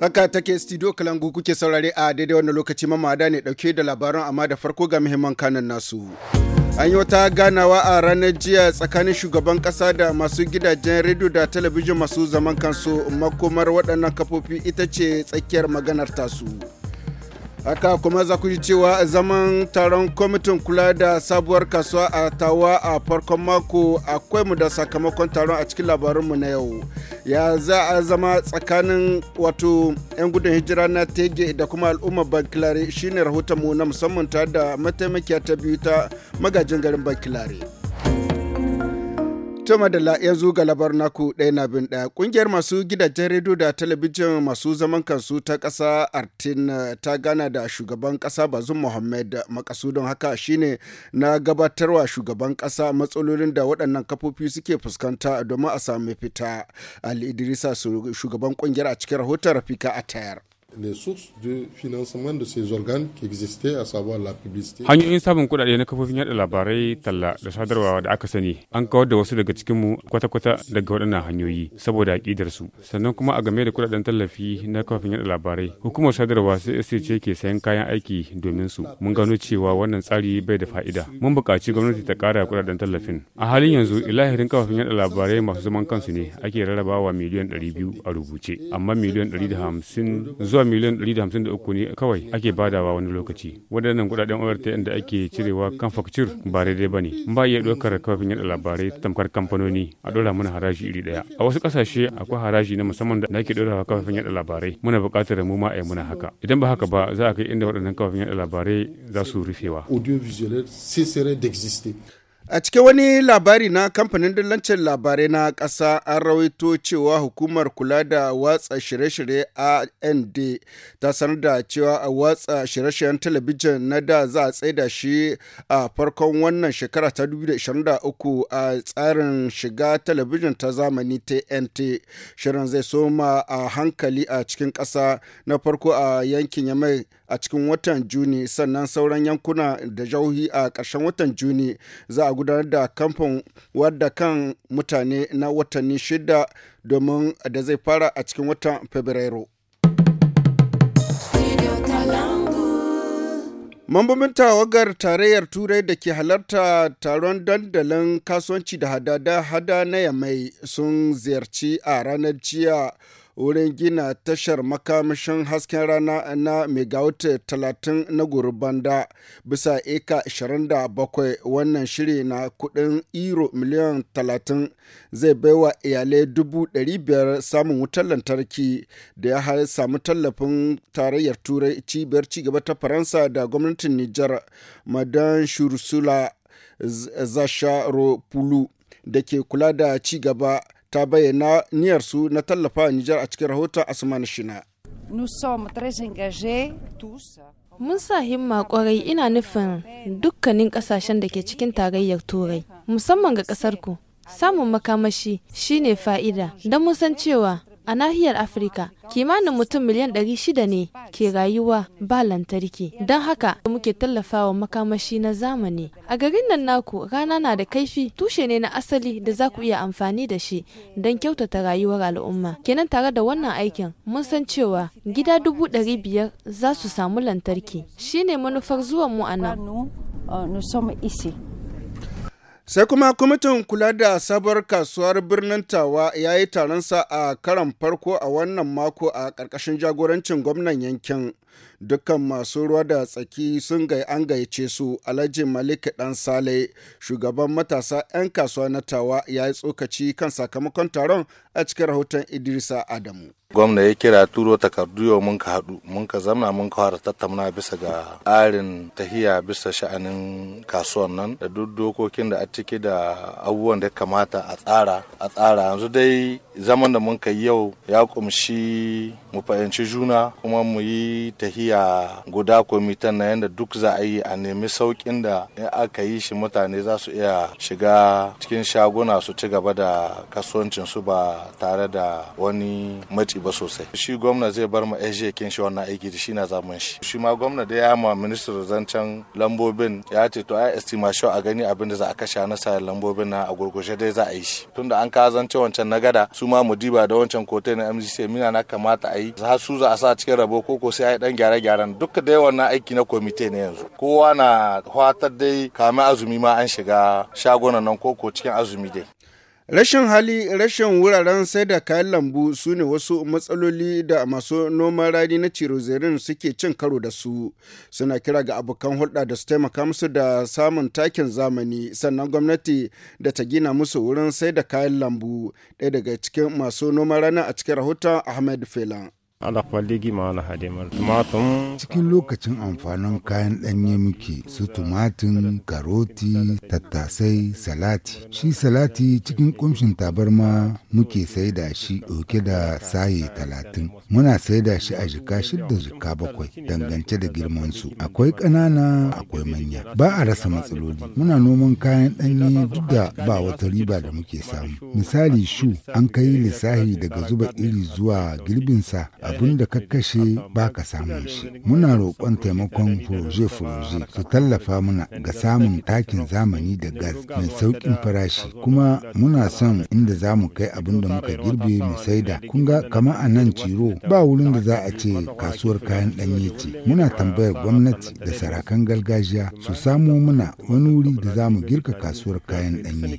Haka take studio Kalangu kuke saurare a daidai wannan lokaci mamada ne dauke da labaran amma da farko ga muhimman kanan nasu. An yi wata ganawa a ranar jiya tsakanin shugaban kasa da masu gidajen rediyo da talabijin masu zaman kansu makomar waɗannan kafofi ita ce tsakiyar maganar tasu. haka kuma za ku ji cewa zaman taron kwamitin kula da sabuwar kasuwa a tawa a farkon mako akwai mu da sakamakon taron a cikin labarinmu na yau ya za a zama tsakanin wato 'yan gudun hijira na tege da kuma al'ummar bankilare shine rahoton mu na musamman tare da mataimakiya ta biyu ta magajin garin bankilare. To madalla yanzu ga labar naku ɗaya na bin ɗaya. Ƙungiyar masu gidajen rediyo da talabijin masu zaman kansu ta ƙasa Artin ta gana da shugaban ƙasa Bazum Mohammed makasudin haka shine na gabatarwa shugaban ƙasa matsalolin da waɗannan kafofi suke fuskanta domin a sami fita. Ali Idrisa shugaban ƙungiyar a cikin rahoton Rafika a tayar. les sources de financement de ces organes qui existaient, à savoir la publicité. Hanyoyin samun kuɗaɗe na kafofin yaɗa labarai, talla da sadarwa da aka sani, an kawar da wasu daga cikinmu kwata-kwata daga waɗannan hanyoyi saboda aƙidar su. Sannan kuma a game da kuɗaɗen tallafi na kafofin yaɗa labarai, hukumar sadarwa CSC ce ke sayan kayan aiki domin su. Mun gano cewa wannan tsari bai da fa'ida. Mun buƙaci gwamnati ta ƙara kuɗaɗen tallafin. A halin yanzu, ilahirin kafofin yaɗa labarai masu zaman kansu ne ake rarrabawa miliyan ɗari biyu a rubuce, amma miliyan ɗari da hamsin zuwa zuwa miliyan 153 ne kawai ake badawa wani lokaci waɗannan kuɗaɗen ortn da ake cirewa kan fakcir ba daidai ba ne ba iya ɗaukar kafin yaɗa labarai ta tamkar kamfanoni a ɗora mana haraji iri daya. a wasu ƙasashe akwai haraji na musamman da ake wa kafin yaɗa labarai muna buƙatar mu ma a yi muna haka idan ba haka ba za a kai inda waɗannan kafin yaɗa labarai za su rufewa A cikin wani labari na kamfanin dillancin labarai na ƙasa an rawaito cewa hukumar kula da watsa shirye-shirye AND ta sanar da cewa a watsa shirye-shiryen talabijin na da za a tsaida shi a farkon wannan shekara ta 2023 a tsarin shiga talabijin ta zamani TNT. Shirin zai soma a hankali a cikin kasa na farko a yankin Yamai a cikin watan Juni sannan sauran yankuna da jauhi a ƙarshen watan Juni za a gudanar da kamfan wadda kan mutane na watanni shida domin da zai fara a cikin watan Fabrairu. Mambobin tawagar tarayyar Turai da ke halarta taron dandalin kasuwanci da hada-hada hada na yamai sun ziyarci a ranar jiya wurin gina tashar makamashin hasken rana na megawatt 30 na gurbanda bisa eka 27 wannan shiri na kudin euro miliyan 30 zai baiwa iyalai dubu 500 samun wutar lantarki da ya har samu tallafin tarayyar turai cibiyar cigaba ta faransa da gwamnatin nijar madan shursula zasharopulu da ke kula da cigaba ta bayyana niyyarsu na tallafa Nijar a cikin rahoton Asman Shina. Mun sa himma kwarai ina nufin dukkanin kasashen da ke cikin tarayyar Turai, musamman ga ƙasarku. Samun makamashi shine fa'ida, don mun san cewa A nahiyar Afirka, kimanin mutum miliyan 600 ne ke rayuwa ba lantarki. Don haka da muke tallafawa makamashi na zamani. A garin nan naku rana na da kaifi tushe ne na asali da za ku iya amfani da shi don kyautata rayuwar al'umma. Kenan tare da wannan aikin mun san cewa gida dubu ɗari biyar za su samu lantarki. shi ne manufar zuwan mu a nan. Euh, Sai kuma kwamitin kula da sabuwar kasuwar birnin Tawa ya yi taronsa a karon farko a wannan mako a ƙarƙashin jagorancin gwamnan yankin. dukkan masu ruwa da tsaki sun gai an gayyace su alhaji malik dan sale shugaban matasa 'yan kasuwa na tawa ya yi tsokaci kan sakamakon taron a cikin rahoton idrisa adamu gwamna ya kira turo takardu yau mun ka haɗu mun ka zamna mun ka fara tattauna bisa ga tsarin tahiya bisa sha'anin kasuwan nan da duk dokokin da a ciki da abubuwan da kamata a tsara a tsara yanzu dai zaman da mun ka yau ya kumshi mu fahimci juna kuma mu yi tahiya guda komitan na yadda duk za a yi a nemi saukin da in aka yi shi mutane za su iya shiga cikin shaguna su ci gaba da kasuwancin su ba tare da wani matsi ba sosai shi gwamna zai bar ma SJ kin shi wannan aiki da shi na zamun shi shi ma gwamna da ya ma ministan zancen lambobin ya ce to ai estimation a gani abin da za a kashe na sayar lambobin na a gurgushe dai za a yi shi tunda an ka zance wancan na gada su ma mu diba da wancan kotai na MGC mina na kamata a yi za su za a sa cikin rabo ko ko sai a yi dan gyare-gyaren duk da yawan na aiki na komite ne yanzu kowa na fatar dai kamar azumi ma an shiga shagunan nan ko ko cikin azumi dai Rashin hali rashin wuraren sai da kayan lambu su ne wasu matsaloli da masu noman rani na cirozerin suke cin karo da su. Suna kira ga abokan hulɗa da su taimaka musu da samun takin zamani sannan gwamnati da ta gina musu wurin sai da kayan lambu. Ɗaya daga cikin masu noman rana a cikin rahoton Ahmed Felan. Cikin lokacin amfanin kayan ɗanye muke su tumatin, karoti, tattasai, salati. Shi salati cikin kumshin tabarma muke saida shi ɗauke da saye talatin. Muna saida shi a jika shidda jika bakwai dangance da girmansu. Akwai ƙanana akwai manya. Ba a rasa matsaloli. Muna noman kayan ɗanye duk da ba wata riba da muke samu. Misali shu an kai lissahi daga zuba iri zuwa girbinsa abin da ka ba ka samun shi muna roƙon taimakon furoje-furoje su tallafa muna ga samun takin zamani da gas mai sauƙin farashi kuma muna son inda za mu kai abin da muka girbe mu saida kun ga kama a nan ciro ba wurin da za a ce kasuwar kayan ɗanye ce muna tambayar gwamnati da sarakan gargajiya su samo muna wani wuri da za mu girka kasuwar kayan ɗanye.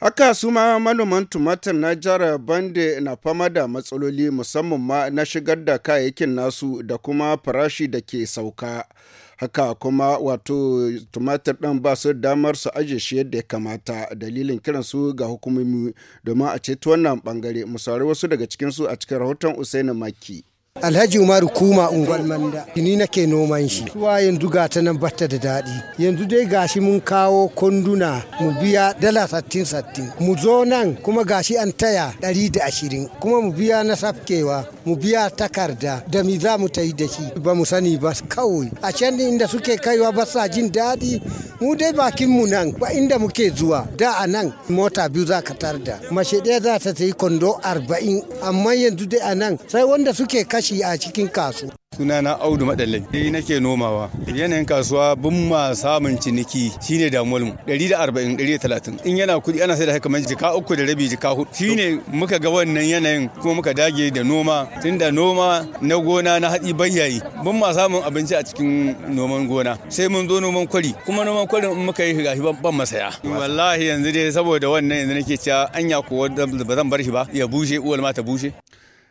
Haka su ma manoman tumatir na jihar Bande na fama da matsaloli musamman ma na shigar da kayayyakin nasu da kuma farashi da ke sauka. haka kuma wato tumatir ɗin ba su damar su aje shi yadda ya kamata dalilin kiran su ga hukumomi domin a ceto wannan bangare mu wasu daga cikinsu a cikin rahoton usaini maki Alhaji Umaru Kuma Ungwal Manda ni nake noman shi. Suwa yanzu ga ta nan batta da daɗi. Yanzu dai gashi mun kawo konduna mu biya dala sattin sattin. Mu zo nan kuma gashi an taya ɗari da ashirin kuma mu biya na safkewa mu biya takarda da mi za mu ta yi da shi ba mu sani ba kawai. A can inda suke kaiwa ba sa jin daɗi mu dai bakin mu nan ba inda muke zuwa da a nan mota biyu za ka tarda. Mace ɗaya za ta yi kondo arba'in amma yanzu dai a nan sai wanda suke kashe farashi a cikin kasuwa. sunana audu madallai ni nake nomawa yanayin kasuwa bin ma samun ciniki shine damuwar mu 140 130 in yana kudi ana sai da haka jika uku da rabi jika hudu shine muka ga wannan yanayin kuma muka dage da noma tunda noma na gona na haɗi bayyayi bin ma samun abinci a cikin noman gona sai mun zo noman kwari kuma noman kwari in muka yi gashi ban masaya wallahi yanzu dai saboda wannan yanzu nake cewa anya ko ba zan bar shi ba ya bushe uwal ma ta bushe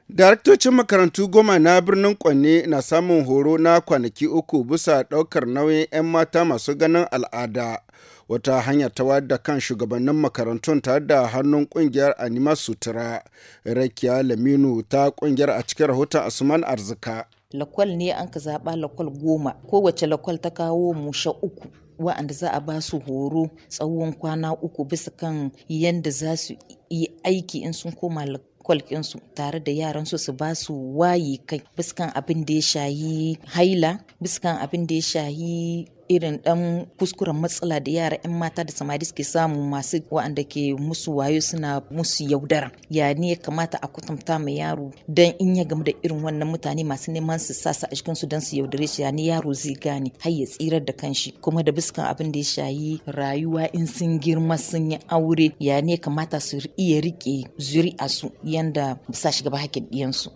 Daraktocin makarantu goma na birnin Kwanne na samun horo na kwanaki uku bisa ɗaukar nauyin 'yan mata masu ganin al'ada. Wata hanyar ta wadda kan shugabannin makarantun tare da hannun kungiyar Anima Sutura, Rakiya Laminu ta kungiyar a cikin rahoton Asuman Arzika. Lakwal ne an ka zaɓa lakwal goma, kowace lakwal ta kawo musha uku. wa'anda za a ba su horo tsawon kwana uku bisa kan yadda za su yi aiki in sun koma kwalkinsu tare da yaransu su ba su wayi kai biskan abin da ya shayi haila biskan abin da ya shayi irin dan kuskuren matsala da yara 'yan mata da samari suke samu masu wa'anda ke musu wayo suna musu yaudara ya ne ya kamata a kwatanta mai yaro dan in ya gamu da irin wannan mutane masu neman su sasa a cikin su dan su yaudare shi ya ne yaro zai gane har ya tsirar da kanshi kuma da biskan abin da ya shayi rayuwa in sun girma sun yi aure ya ne kamata su iya rike zuri'a su yanda ba sa shiga ba hakkin ɗiyansu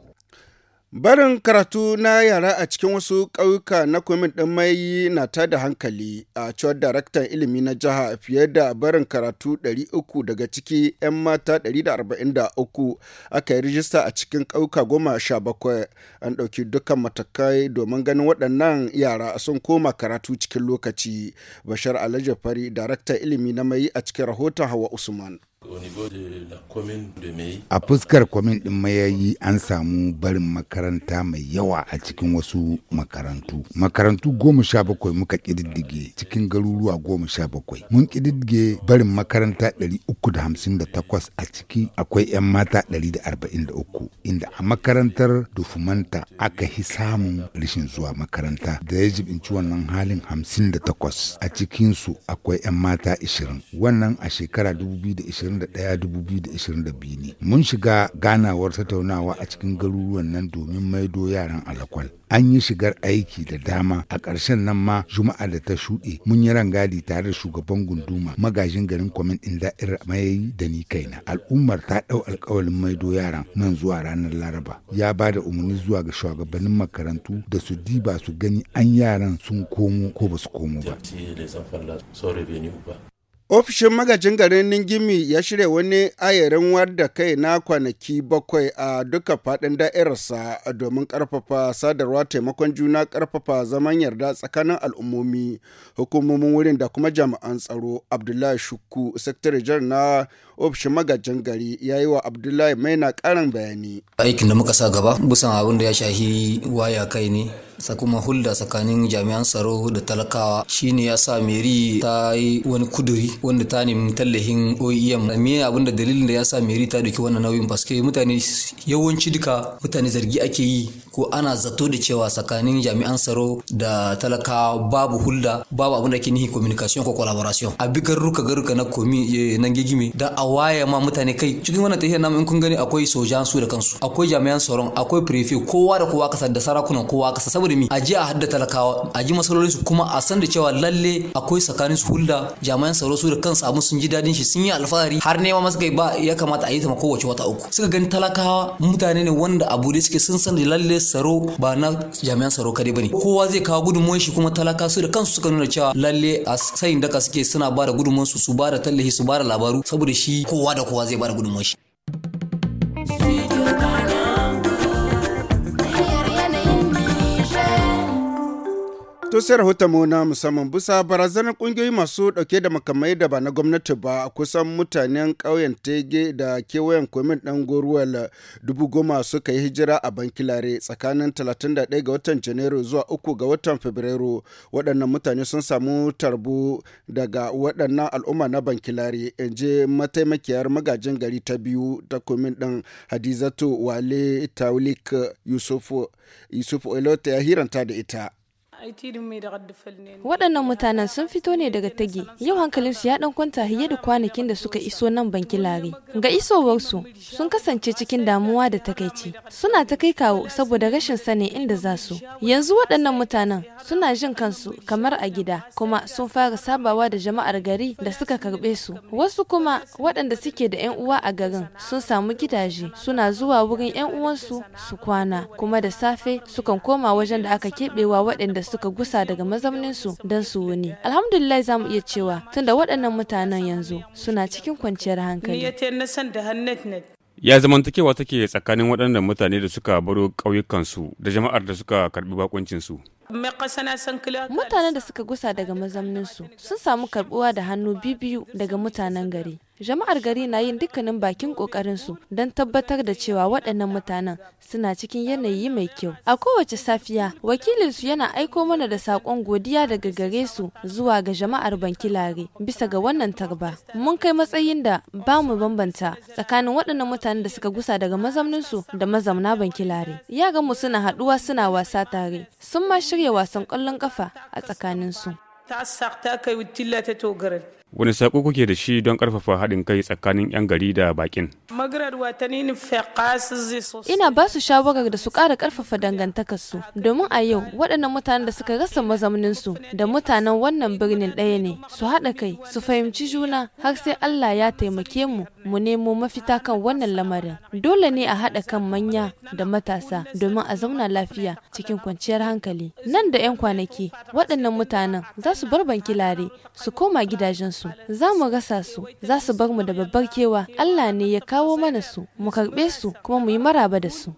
Barin karatu na yara a cikin wasu ƙauyuka na kwamin ɗin mai na ta da hankali a cewar daraktan ilimi na jiha fiye da barin karatu 300 daga ciki 'yan mata 143 aka yi rijista a cikin ƙauyuka goma sha bakwai an ɗauki dukkan matakai domin ganin waɗannan yara sun koma karatu cikin lokaci bashar alhaji fari daraktan ilimi na mai a cikin rahoton hawa usman A fuskar kwamin ɗin mayayi an samu barin makaranta mai yawa a cikin wasu makarantu. Makarantu goma sha bakwai muka ƙididdige cikin garuruwa goma sha bakwai. Mun ƙididdige barin makaranta ɗari uku da hamsin da takwas a ciki akwai 'yan mata ɗari da arba'in da uku. Inda a makarantar Dufumanta aka hi samun rashin zuwa makaranta da ya jibinci wannan halin hamsin da takwas. A cikinsu akwai 'yan mata ishirin. Wannan a shekara dubu biyu da ishirin 2021-2022 ne. Mun shiga ganawar tattaunawa a cikin garuruwan nan domin maido yaran alakwal. An yi shigar aiki da dama a ƙarshen nan ma juma'a da ta shuɗe mun yi rangadi tare da shugaban gunduma magajin garin kwamin ɗin da'irar mayayi da ni kaina. Al'ummar ta ɗau alƙawalin maido yaran nan zuwa ranar Laraba. Ya ba da umarni zuwa ga shugabannin makarantu da su diba su gani an yaran sun komo ko ba su komo ba. Ofishin magajin garin Ningimi ya shirya wani ayarin wadda kai na kwanaki bakwai a duka faɗin da'irarsa domin karfafa sadarwa taimakon juna karfafa zaman yarda tsakanin al'ummomi hukumomin wurin da kuma jami'an tsaro Abdullahi Shukku, Sakatare Jar na ofishin magajin gari ya yi wa Abdullahi Maina ƙarin bayani. Aikin da muka sa gaba busan abin da ya shahi waya kai ne kuma hulda tsakanin jami'an tsaro da talakawa shine ya sa Meri ta yi wani kuduri wanda ta nemi tallahin OEM me abin da dalilin da ya sa Mary ta dauki wannan nauyin paske mutane yawanci duka mutane zargi ake yi ko ana zato da cewa tsakanin jami'an tsaro da talaka babu hulda babu abin da ke nihi communication ko collaboration a bi garuka garuka na komi eh, na gigime da a waya ma mutane kai cikin wannan tahiyar namu in kun gani akwai sojan su da kansu akwai jami'an tsaron akwai prefect kowa da kowa kasa da sarakunan kowa kasa saboda mi a ji a hadda talakawa a ji masalolin kuma a san da cewa lalle akwai tsakanin su hulda jami'an tsaro su da kansu amma sun ji dadin shi sun yi alfahari har nema masu kai ba ya kamata a yi ta kowace wata uku suka gani talakawa mutane ne wanda abu da suke sun san da lalle tsaro ba na jami'an tsaro kadai bane kowa zai kawo gudunmuwan shi kuma talaka su da kansu suka nuna cewa lalle a sayin daka suke suna ba da gudunmuwan su su ba da tallafi su ba da labaru saboda shi kowa da kowa zai ba da gudunmuwan shi To sai rahoton na musamman bisa barazanar kungiyoyi masu dauke da makamai da ba na gwamnati ba a kusan mutanen ƙauyen Tege da kewayen komin ɗan Goruwal dubu goma suka yi hijira a Bankilare tsakanin 31 ga watan Janairu zuwa 3 ga watan Fabrairu. Waɗannan mutane sun samu tarbu daga waɗannan al'umma na Bankilare in je mataimakiyar magajin gari ta biyu ta komin ɗin Hadizatu Wale Taulik Yusuf Yusuf ya hiranta da ita. Waɗannan mutanen sun fito ne daga tage, yau hankalinsu ya ɗan kwanta fiye da kwanakin da suka iso nan banki lare Ga isowarsu sun kasance cikin damuwa da takaici, suna ta kai kawo saboda rashin sani inda za su. Yanzu waɗannan mutanen suna jin kansu kamar a gida, kuma sun fara sabawa da jama'ar gari da suka karɓe su. Wasu kuma waɗanda suke da 'yan uwa a garin sun samu gidaje, suna zuwa wurin 'yan uwansu su kwana, kuma da safe sukan koma wajen da aka keɓewa waɗanda suka gusa daga mazauninsu don su wuni. Alhamdulillah za mu iya cewa da waɗannan mutanen yanzu suna cikin kwanciyar hankali. ya zamantakewa take tsakanin waɗannan mutane da suka baro ƙauyukansu da jama'ar da suka karɓi bakuncinsu. Mutanen da suka gusa daga mazamninsu sun samu karɓuwa da hannu biyu daga mutanen gari Jama'ar gari na yin dukkanin bakin su don tabbatar da cewa waɗannan mutanen suna cikin yanayi mai kyau. A kowace safiya, wakilinsu yana aiko mana da sakon godiya daga gare su zuwa ga jama'ar Bankilare bisa ga wannan tarba. Mun kai matsayin da ba mu bambanta tsakanin waɗannan mutanen da suka gusa daga mazauninsu da mazauna Bankilare. mu suna haɗuwa suna wasa tare, sun ma shirya wasan ƙwallon ƙafa a tsakaninsu. su. wani sako kuke da shi don ƙarfafa haɗin kai tsakanin 'yan gari da bakin ina ba su shawarar da su ƙara dangantakar su domin a yau waɗannan mutanen da suka rasa su da mutanen wannan birnin ɗaya ne su haɗa kai su fahimci juna har sai allah ya taimake mu mu nemo mafita kan wannan lamarin dole ne a haɗa kan manya da matasa domin a zauna lafiya cikin kwanciyar hankali nan da 'yan kwanaki waɗannan mutanen za su barbanki lare su koma gidajensu su za mu rasa su za su bar mu da babbar kewa Allah ne ya kawo mana su mu karɓe su kuma mu yi maraba da su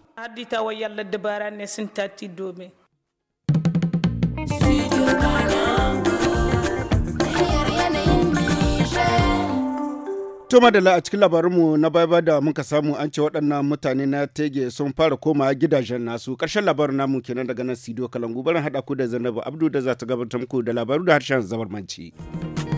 Tuma da a cikin labarinmu na baya da muka samu an ce waɗannan mutane na tege sun fara koma gidajen nasu ƙarshen labarin namu kenan daga nan sidiyo Kalangu barin haɗa ku da zanabu Abdu da za ta gabatar muku da labaru da harshen zabarmanci. manci.